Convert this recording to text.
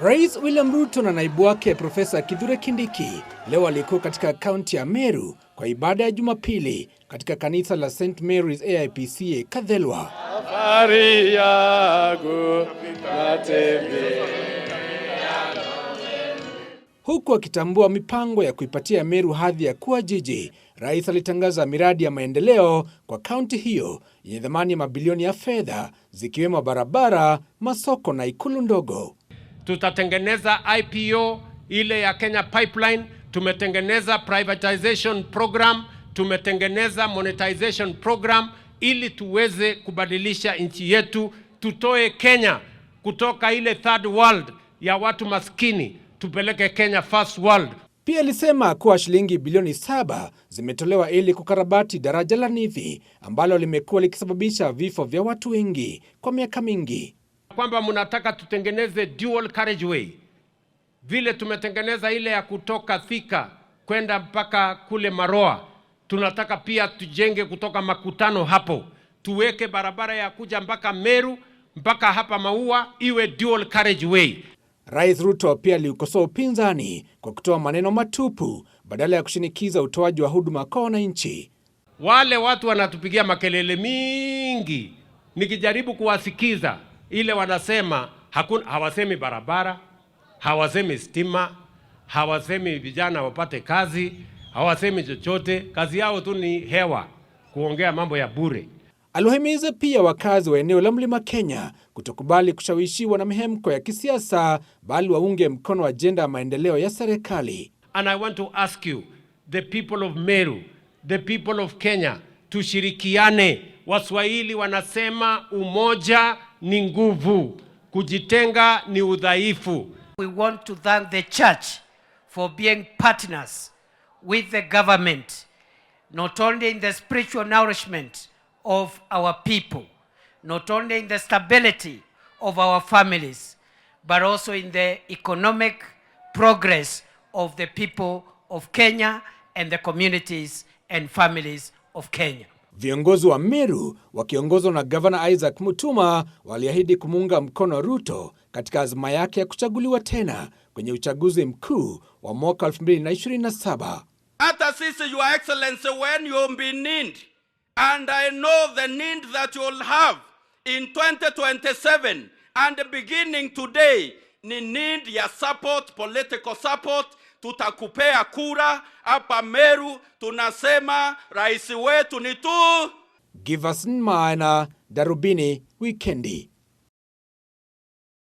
Rais William Ruto na naibu wake Profesa Kithure Kindiki leo walikuwa katika kaunti ya Meru kwa ibada ya Jumapili katika kanisa la St Mary's AIPC Kadhelwa. huku akitambua mipango ya kuipatia Meru hadhi ya kuwa jiji, rais alitangaza miradi ya maendeleo kwa kaunti hiyo yenye thamani ya mabilioni ya fedha zikiwemo barabara, masoko na ikulu ndogo tutatengeneza IPO ile ya Kenya Pipeline, tumetengeneza privatization program, tumetengeneza monetization program ili tuweze kubadilisha nchi yetu, tutoe Kenya kutoka ile third world ya watu maskini tupeleke Kenya first world. Pia alisema kuwa shilingi bilioni saba zimetolewa ili kukarabati daraja la Nithi ambalo limekuwa likisababisha vifo vya watu wengi kwa miaka mingi kwamba mnataka tutengeneze dual carriageway vile tumetengeneza ile ya kutoka Thika kwenda mpaka kule Maroa. Tunataka pia tujenge kutoka makutano hapo, tuweke barabara ya kuja mpaka Meru mpaka hapa Maua iwe dual carriageway. Rais Ruto pia aliukosoa upinzani kwa kutoa maneno matupu badala ya kushinikiza utoaji wa huduma kwa wananchi. Wale watu wanatupigia makelele mingi, nikijaribu kuwasikiza ile wanasema hakuna, hawasemi barabara, hawasemi stima, hawasemi vijana wapate kazi, hawasemi chochote. Kazi yao tu ni hewa, kuongea mambo ya bure. Aliwahimiza pia wakazi wa eneo la Mlima Kenya kutokubali kushawishiwa na mihemko ya kisiasa, bali waunge mkono ajenda ya maendeleo ya serikali. And I want to ask you the people of Meru, the people of Kenya, tushirikiane. Waswahili wanasema umoja ni nguvu, kujitenga ni udhaifu. We want to thank the church for being partners with the government not only in the spiritual nourishment of our people not only in the stability of our families but also in the economic progress of the people of Kenya and the communities and families of Kenya. Viongozi wa Meru wakiongozwa na gavana Isaac Mutuma waliahidi kumuunga mkono Ruto katika azma yake ya kuchaguliwa tena kwenye uchaguzi mkuu wa mwaka 2027. Hata sisi your excellency when you be need and I know the need that you'll have in 2027 and beginning today ni need ya support, political support tutakupea kura hapa Meru. Tunasema rais wetu ni tu. give Giverson Maina, Darubini Wikendi.